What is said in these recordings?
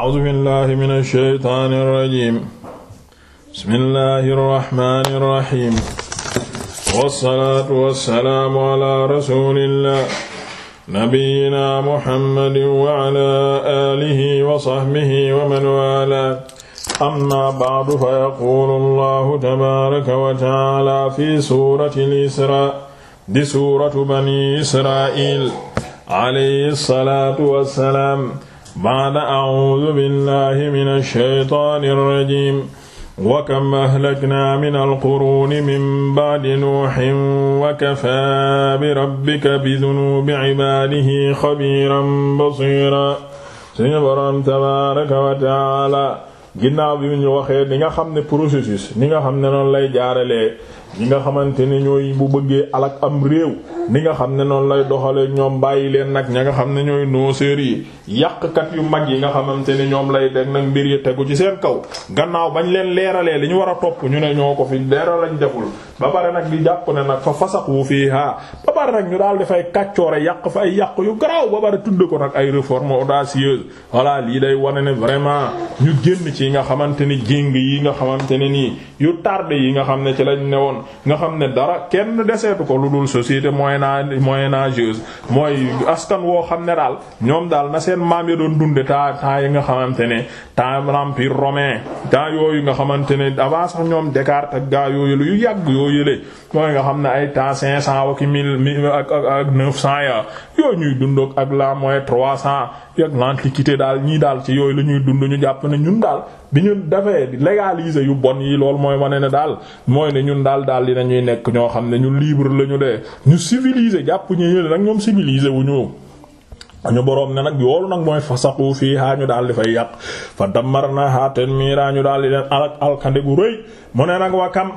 a'uuzu billaahi mina shaytaani rajiim bismillaahi rahmaani rahiim wassalaatu wassalaamu alaa rasuulillaah nabiyyinaa muhammadin wa alaa aalihi wa sahbihi wa man waalaa ammaa ba'du fa yaquulu allaahu tabaaraka wa ta'aalaa fi suuratil israa di suuratu banii israa'iil alayhi salaatu wassalaam ba'da a'uudu billahi mina shaytaani rajiim wa kam ahlaknaa minal quruuni min ba'di nuuhin wa kafaa bi rabbika bi dunuubi cibaadihi xabiiran basiiraa suñu boroom tabaaraka wa taala ginnaaw bi ñu waxee li nga xam ne processus ni nga xam ne noonu lay jaaralee ñi nga xamante ne ñooy bu bëggee alak am réew ni nga xam ne noonu lay doxale ñoom bàyyi leen nag ña nga xam ne ñooy nooseur yi kat yu mag yi nga xamante ne ñoom lay deg nag mbir yi tegu ci seen kaw gannaaw bañ leen leeralee li ñu war a topp ñu ne ñoo ko fi leeral lañ deful ba pare nag di jàpp ne nag fa fasax wu fii ha ba pare nag ñu daal dafay kàccoore yàq fa ay yàq yu garaaw ba pare tudd ko nag ay réforme audacieuse voilà lii day wane ne vraiment ñu génn ci nga xamante ni jéng yi nga xamante ne nii yu tardé yi nga xam ne ci lañ ne dara kenn moyen moyen âgeuse mooy askan woo xam ne daal ñoom daal na seen maam ya doon dunde temps temps yi nga xamante ne temps l'empire romain temps yooyu nga xamante ne avant sax ñoom Descartes ak gaa yooyu yu yàgg yoo yële mooy nga xam ne ay temps cinq cent ak mille ak ak neuf cent ya yooyu ñuy dund ak la mooy trois cent ak l'antiquité daal ñii daal ci yooyu la ñuy dund ñu jàpp ne ñun daal bi ñun dafee légaliser yu bon yi loolu mooy wane ne daal mooy ne ñun daal daal ñuy nekk ñoo xam ne ñu libre la ñu dee ñu civilisé jàpp ñu yële nag ñoom civilisé wu ñu. ñu boroom ne nag yoolu nag mooy fasaqu fii haa ñu daal di fay yàq fa dammarnahaa tadmiiraa ñu daal di leen alak alkande gu rëy mu ne nag wa kam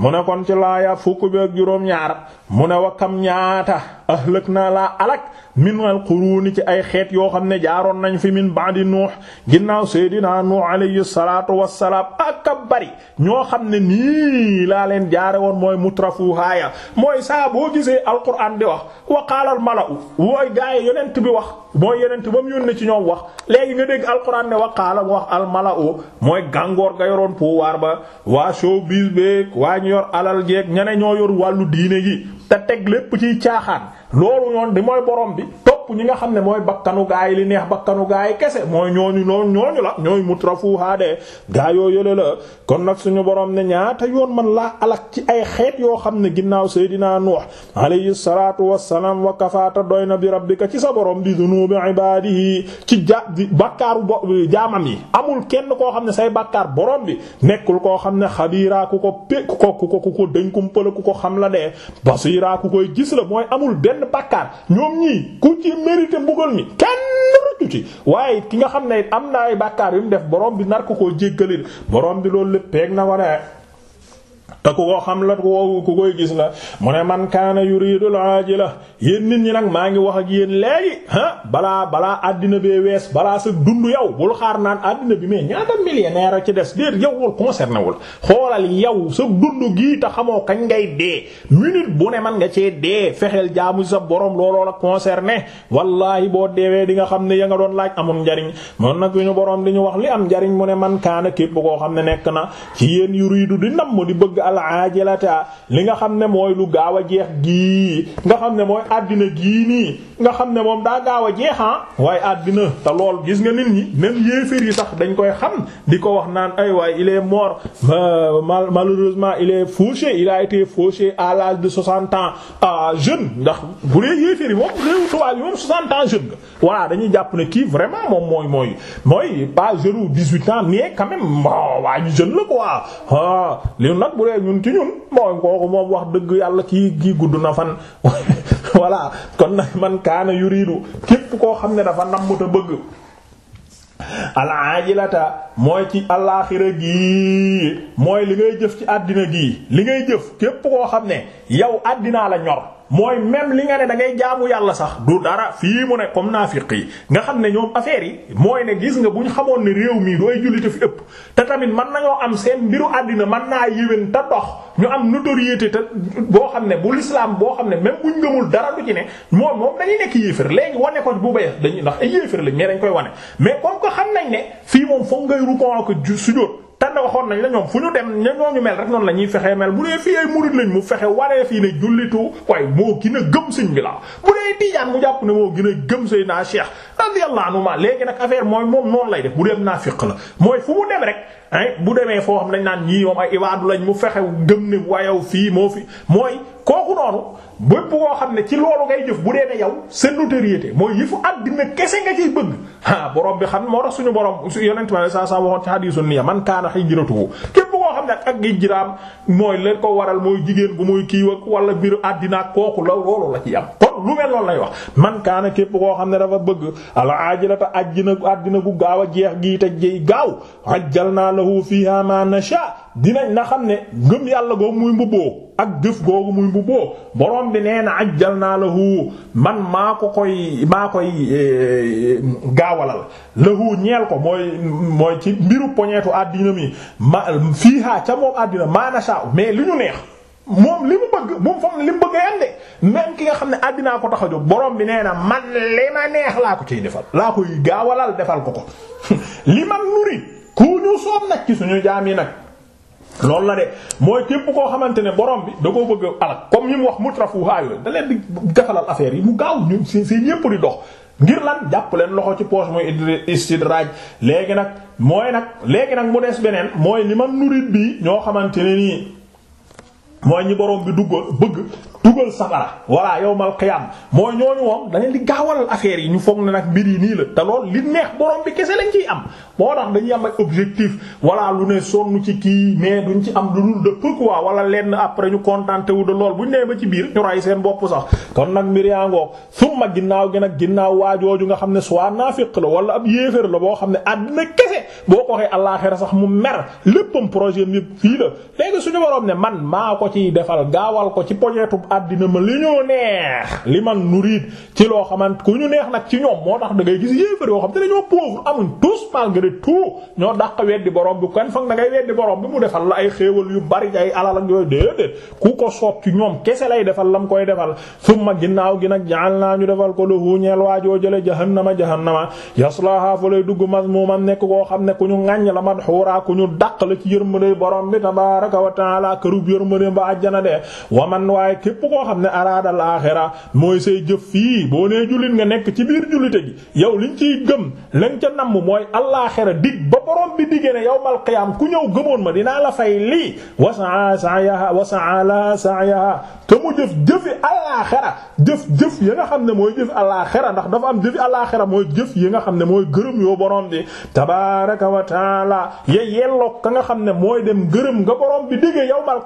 mu ne kon ci laaya fukk bi ak juróom ñaar mu ne wa kam ñaata ahlëk naa laa alak min al quruuni ci ay xeet yoo xam ne jaaroon nañ fi min ba'di nuux ginnaaw seydinaa nuux alayhi salaatu wassalaam ak a bari ñoo xam ne nii laa leen jaare woon mooy mutrafu haaya mooy saa boo gisee al quraan di wax wa qaala bi wax mooy yonent ba mu yónnee ci ñoom wax léegi nga dégg wa qaala mu wax al mala'u mooy gàngoor ga yoroon pouvoir ba waa showbiz beek waa ñu yor alal jeek ñene ñoo yor wàllu diine gi te teg lépp ci caaxaan loolu noonu di mooy borom bi topp ñi nga xam ne mooy bakkanu gaa yi li neex bakkanu gaa yi kese mooy ñooñu noonu ñooñu la ñooy mutrafuha de gaa yoo yële la kon nag suñu borom ne ñaata yoon man laa alak ci ay xeet yoo xam ne ginnaaw sey seydinaa nuux alayhi salaatu wassalaam wa kafaata doy na bi rabbika ci sa borom bi dunuubi ibaadihi ci ja di bakkaaru bo jaamam yi amul kenn koo xam ne say bakkaar borom bi nekkul koo xam ne xabiiraa ku ko pe ku ko ku ko ku ko dënkumpala ku ko xam la de basiiraa ku koy mooy amul benn benn bàkkaar ñoom ñii ku ci mérité mbugal mi kenn rëccu ci waaye ki nga xam ne am na ay bàkkaar yu mu def borom bi nar ko koo jéggali borom bi loolu lépp peeg na waree te ku ko xam la ku koy gis la mu ne man kaana yuridul ajila yéen nit ñi nag maa ngi wax ak yéen léegi ah balaa balaa àddina bee wees balaa sa dund yow bul xaar naan àddina bi mais ñaata millionnaire ci des déet yow loolu concerné la xoolal yow sa dund gii te xamoo kañ ngay dee minute bu ne man nga cee dee fexeel jaamu sa borom looloo la concerné wallahi boo deewee di nga xam ne yaa nga doon laaj amul njariñ moom nag ñu borom di ñu wax li am njariñ mu ne man kaana képp koo xam ne nekk na yéen yuridu di nam bëgg alaajilata li nga xam ne mooy lu gaaw a jeex gii nga xam ne mooy àddina gii nii nga xam ne moom daa gaaw a jeexan ah, waaye àddina te lool gis nga nit ñi même yéeféer yi sax dañ koy xam di ko wax naan ay waay il est mort malheureusement il est fauché il a été fauché à l'âge de 60 ans à jeune ndax bu dee yéeféer yi moom réewu tubaab yi moom 60 ans jeune nga dañuy jàpp ne kii vraiment moom mooy mooy mooy pas jeune ou 18 ans mais quand même waaw waa ñu jeune la quoi ah, bu dee ñun ci ñun mooy kooku moom wax dëgg yàlla kii kii gudd na fan voilà kon nag man kaana yu yuridu képp koo xam ne dafa namm te bëgg alaajilata mooy ci alaaxira gii mooy li ngay jëf ci àddina gii li ngay jëf képp koo xam ne yow àddinaa la ñor mooy même li nga ne dangay ngay jaamu yàlla sax du dara fii mu ne comme naafiq yi nga xam ne ñoom affaire yi mooy ne gis nga bu ñu xamoon ne réew mii dooy jullite fi ëpp te tamit mën nañoo am seen mbiru àddina mën naa yéwén te dox ñu am notoriété te boo xam ne bu l'islam boo xam ne même buñ ngëmul dara lu ci ne moom moom dañuy nekk yéefar léegi wane ko bu bees dañuy ndax ay yéefar lañ mais dañ koy wane mais comme ko xam nañ ne fii moom foog ngay rukkoo ak sujjóot te ne waxoon nañ la ñoom fu ñu dem ña ñu mel rek noonu la ñuy fexee mel bu dee fii ay murid lañ mu fexe waree fii ne jullitu waaye moo gën a gëm sëñ bi la bu jàpp ne moo gën gëm say naa cheikh radiyallahu anhu ma léegi nag affaire mooy moom noonu lay def bu dem naafiq la mooy fu mu dem rek ay bu demee foo xam nañ naan ñii moom ay ibaadu lañ mu fexe gëm ne wayaw fii moo fi mooy kooku noonu bépp koo xam ne ci loolu ngay jëf bu dee ne yow sa notoriété mooy yëfu àddina kese nga ciy bëgg ah borom bi xam moo tax suñu borom yonent ma saa saa waxoon ci hadiisu nii man kaana hijratuhu képp koo xam ne ak hijraam mooy leen ko waral mooy jigéen bu muy kii wala biir àddina kooku la loolu la ci am. kon lu mel loolu lay wax man kaana képp koo xam ne dafa bëgg al aajilata àjjina àddina gu gaaw a jeex gii te jeey gaaw ajjalnaa lahu fiihaa maa nashaa dinañ na xam ne ngëm yàlla googu muy mbubboo ak jëf googu muy mbubboo borom bi nee na ajjal naa la lahu man maa ko koy maa koy e, gaawalal lahu ñeel ko mooy mooy ci mbiru poñeetu àddina mi ma fii haa ca moom àddina maanasa mais li ñu neex moom li mu bëgg bu mu foog ne li mu bëgg yande même ki nga xam ne àddinaa ko tax a jóg borom bi nee man li ma neex laa ko ciy defal laa koy gaawalal defal ko ko li man nurit ku ñu soob nag ci suñu jaam yi nag loolu na de mooy képp koo xamante ne borom bi da koo bëgg a alal comme ñi mu wax mutrafu haayo da leen di defalal affaire yi mu gaaw ñun si si ñépp di dox ngir lan jàpp leen loxo ci poche mooy istidraaj léegi nag mooy nag léegi nag mu des beneen mooy li man nurit bi ñoo xamante ne nii mooy ñi borom bi dugg bëgg dugal safara walla yawmal qiyaam mooy ñooñu moom dañu di gaawal affaire yi ñu foog na nag mbir yi nii la te lool li neex borom bi kese lañ ciy am moo tax dañuy am ay objectif walla lu ne sonn ci kii mais duñ ci am lu dul da peu quoi walla lenn après ñu contenté wu de lool buñ nee ba ci biir ñu ray seen bopp sax kon nag mbir yaa ngoog summa ginnaaw gi nag ginnaaw waajooju nga xam ne soit naafiq la walla ab yéefér la boo xam ne àddina kese boo ko waxee àllaaxira sax mu mer léppam projet yëpp fii la léegi suñu borom ne man maa àddina ma li ñoo neex li man nuriid ci loo xamante ku ñu neex nag ci ñoom moo tax da ngay gis yéefar yoo xam te dañoo pauvre amuñ tous malgré tout ñoo dàq weddi borom bi kon foog na ngay weddi borom bi mu defal la ay xéewal yu bari ay alal ak ku ko soob ñoom kese lay defal lam koy defal summa ginnaaw gi nag jaal naa ñu defal ko lahu ñeel waajoo jële jahannama jahannama yaslaha fa lay dugg mazmuman nekk koo xam ne ku ñu ŋàññ la madhura ku ñu dàq la ci yërmande borom bi tabaaraka wa taala kërub yërmande ba àjjana de waman waaye képp koo xam ne araadal aaxira mooy say jëf fii boo nee jullit nga nekk ci biir jullite gi yow liñ ciy gëm lañ ca namm mooy alaaxira dig ba borom bi diggee ne yawmal qiyaam ku ñëw gëmoon ma dinaa la fay lii wasaa sa'yaha wasaa la sa'yaha te mu jëf jëfi jëf jëf nga xam ne mooy jëf alaaxira ndax dafa am jëfi alaaxira mooy jëf yi nga xam ne mooy gërëm yoo borom bi tabaaraka wa taala ya yelloo ka nga xam ne mooy dem gërëm nga borom bi diggee yawmal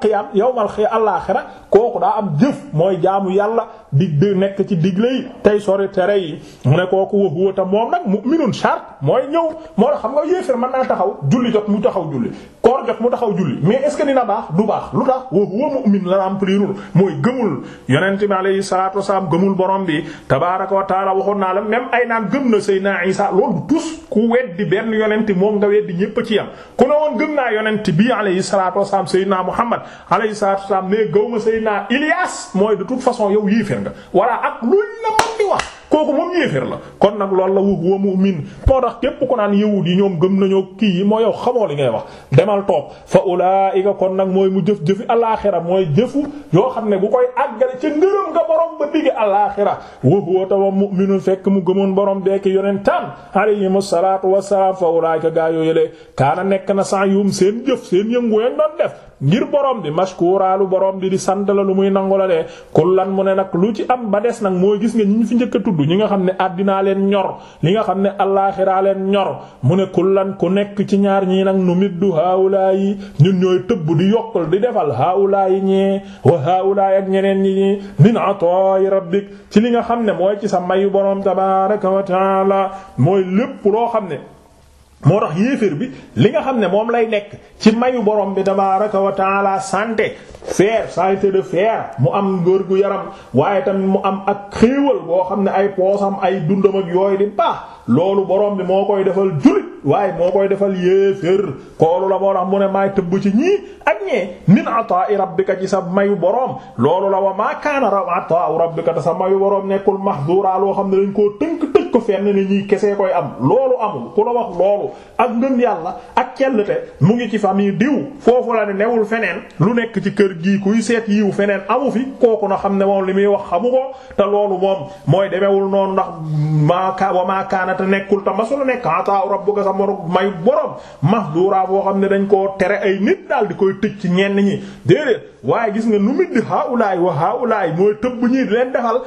jëf mooy jaamu yàlla dig de nekk ci digle yi tey sori tere yi mu ne kooku wëhuwa ta moom nag mu'minun shart mooy ñëw moo la xam nga yéefér mën naa taxaw julli jot mu taxaw julli koor jot mu taxaw julli mais est ce que dina baax du baax lu tax wëhuwa mu'min la amplirul mooy gëmul yonent bi alayhi salaatu wasalaam gëmul borom bi tabaaraka wa taala waxoon naa la même ay naan gëm na Seydina Isa loolu tus ku weddi benn yonent moom nga weddi ñépp ci yam ku ne woon gëm naa yonent bi alayhi salaatu wasalaam sayyidina Muhammad alayhi salaatu wasalaam mais gëw ma sayyidina Ilias mooy de toute façon yow yéeféer nga walla ak luñ la mën di wax kooku moom yéeféer la kon nag loolu la wub wa mu'min moo tax képp ku naan yawut yi ñoom gëm nañoo kii yi moo yow xamoo li ngay wax demal toog fa ulaa'ika kon nag mooy mu jëf jëfi alaaxira mooy jëfu yoo xam ne bu koy àggale ca ngërëm nga borom ba digg alaaxira wa huwa tawa mu'minun fekk mu gëmoon borom dekk yonentam alayhimu salaatu wassalaam fa ulaa'ika gaa yooyu lee kaana nekk na sa'yum seen jëf seen yëngu yañ doon def ngir borom bi mashkuraalu borom bi di sant la lu muy nangu la de kullan mu ne nag lu ci am ba des nag mooy gis nga ñi ñu fi njëkk a tudd ñi nga xam ne àddinaa leen ñor li nga xam ne allaaxiraa leen ñor mu ne kullan ku nekk ci ñaar ñii nag nu middu haawulaa yi ñun ñooy tëbb di yokkal di defal haawulaa ñee wa haawulaa ak ñeneen ñi ñi min ataa'i rabbik ci li nga xam ne mooy ci sa mayu borom tabaaraka wa taala mooy lépp loo xam ne moo tax yéeféer bi li nga xam ne moom lay nekk ci mayu borom bi tabaraka wa taala santé fer santé de fer mu am ngóor yaram waaye tamit mu am ak xéewal boo xam ne ay poosam ay dundam ak yooyu di baax loolu borom bi moo koy defal jullit waaye moo koy defal yéefér koolu la moo tax mu ne maay tëbb ci ñii ak ñee min ataa'i rabbika ci sa mayu boroom loolu la wa maa kaana ataa'u rabbika te sa mayu boroom nekkul mahduura loo xam ne dañ koo tënk tëj ko fenn ne ñii kesee koy am loolu amul ku la wax loolu ak ngëm yàlla ak cellte mu ngi ci famille diw foofu la ne newul feneen lu nekk ci kër gi kuy seet yiw feneen amu fi kooku na xam ne moom li muy wax xamu ko te loolu moom mooy demewul noonu ndax maa nekk ataa'i moru mayu borom mahduraa boo xam ne dañ koo tere ay nit daal di koy tëj ci ñenn ñi déedéet waaye gis nga nu mit di haulaay wa haulaay mooy tëbb leen defal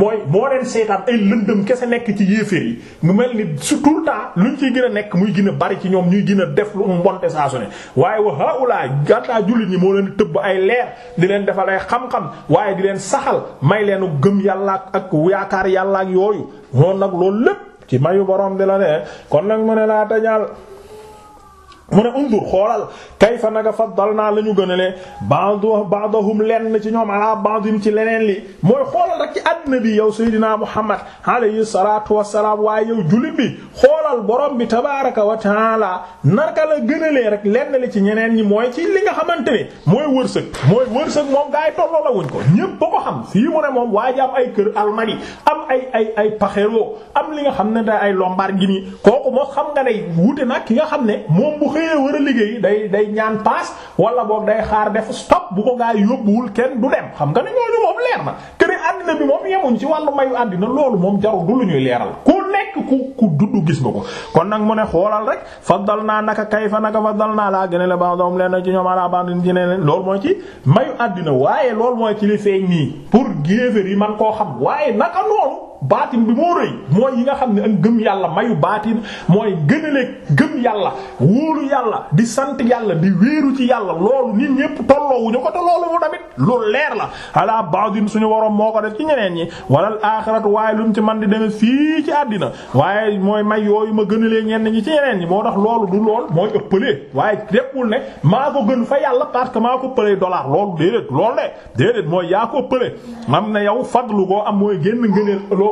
mooy moo leen seetaan ay lëndëm kese nekk ci yéeféer yi mu mel ni su tout le temps luñ ciy a nekk muy gën a ci ñoom ñuy gën def lu mbonte saa su ne waaye wa haulaay gàttaa jullit ñi moo leen tëbb ay leer di leen defal ay xam-xam waaye di leen saxal may leenu gëm yàlla ak yaakaar yàlla ak yooyu noonu nag loolu lépp ci mayu borom bi la ne kon nag ma ne laa tajaal mu ne undur xoolal kayfa naka naa la ñu gënalee ba'du ba'dahum lenn ci ñoom ala ba'dim ci leneen li mooy xoolal rek ci àddina bi yow Seydina Muhammad alayhi salaatu wassalaam waaye yow jullit bi xoolal borom bi tabaaraka wa taala narka la gënalee rek lenn li ci ñeneen ñi mooy ci li nga xamante ne mooy wërsëg mooy wërsëg moom gaa yi tolloo la wuñ ko ñépp ba ko xam fii mu ne moom waa ji am ay kër almari am ay ay ay paxero am li nga xam ne da ay lombar gi xëyee liggéey day day ñaan paas wala boog day xaar def stop bu ko gaa yóbbuwul kenn du dem xam nga ne ñooñu moom leer na kene àddina bi moom yemuñ ci wàllu mayu àddina loolu moom jarul du leeral ku nekk ku ku gis nga ko kon nag mu ne xoolal rek faddal naa naka kay fa naka faddal naa laa gëne la ba doom leen ci ñoom alaa loolu mooy ci mayu àddina waaye loolu mooy ci li feeñ nii pour géefér yi man koo xam waaye naka noonu baatin bi moo rëy mooy yi nga xam ne ak gëm yàlla mayu baatin mooy gënale gëm yàlla wóolu yàlla di sant yàlla di wéeru ci yàlla loolu nit ñépp tolloowuñu ko te loolu mu tamit lu leer la ala baadin suñu waroom moo ko def ci ñeneen ñi walal aaxirat waaye lu mu ci man di demee fii ci àddina waaye mooy may yooyu ma gënalee ñenn ñi ci ñeneen ñi moo tax loolu du lool mooy ëppalee waaye déppul ne maa ko gën fa yàlla parce que maa ko ëppalee dollar loolu déedéet lool de déedéet mooy yaa ko ëppalee am na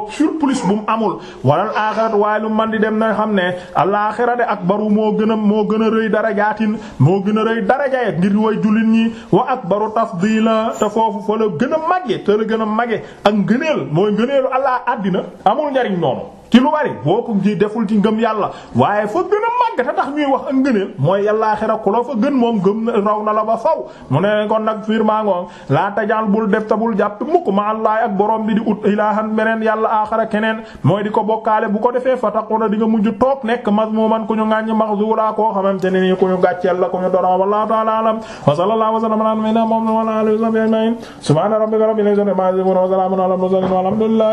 boog surplus bu mu amul walal aaxirat waaye lu man di dem na xam ne alaaxira ak akbaru moo gën a moo gën a rëy darajaatin moo gën a rëy dara darajaayet ngir way jullit ñi wa akbaru la te foofu fa la gën a màgge te la gën a màgge ak ngëneel mooy ngëneelu allah àddina amul njariñ noonu ci lu bari boo ko ji deful ci ngëm yàlla waaye fa gën a màgg te tax ñuy wax ak ngëneel mooy yàllaaxira ku la fa gën moom gëm raw na la ba faw mu ne kon nag firmaa ngoon laa tajal bul def ta bul jàpp mukk ma allah ak borom bi di ut ilaahan beneen yàlla aaxara keneen mooy di ko bokkaale bu ko defee fa taxu na di nga mujj toog nekk mazmuuman ku ñu ngàññ maxzuura koo xamante ne nii ku ñu gàcceel la ku ñu dono wallahu ta'ala alam wa sallallahu wa sallama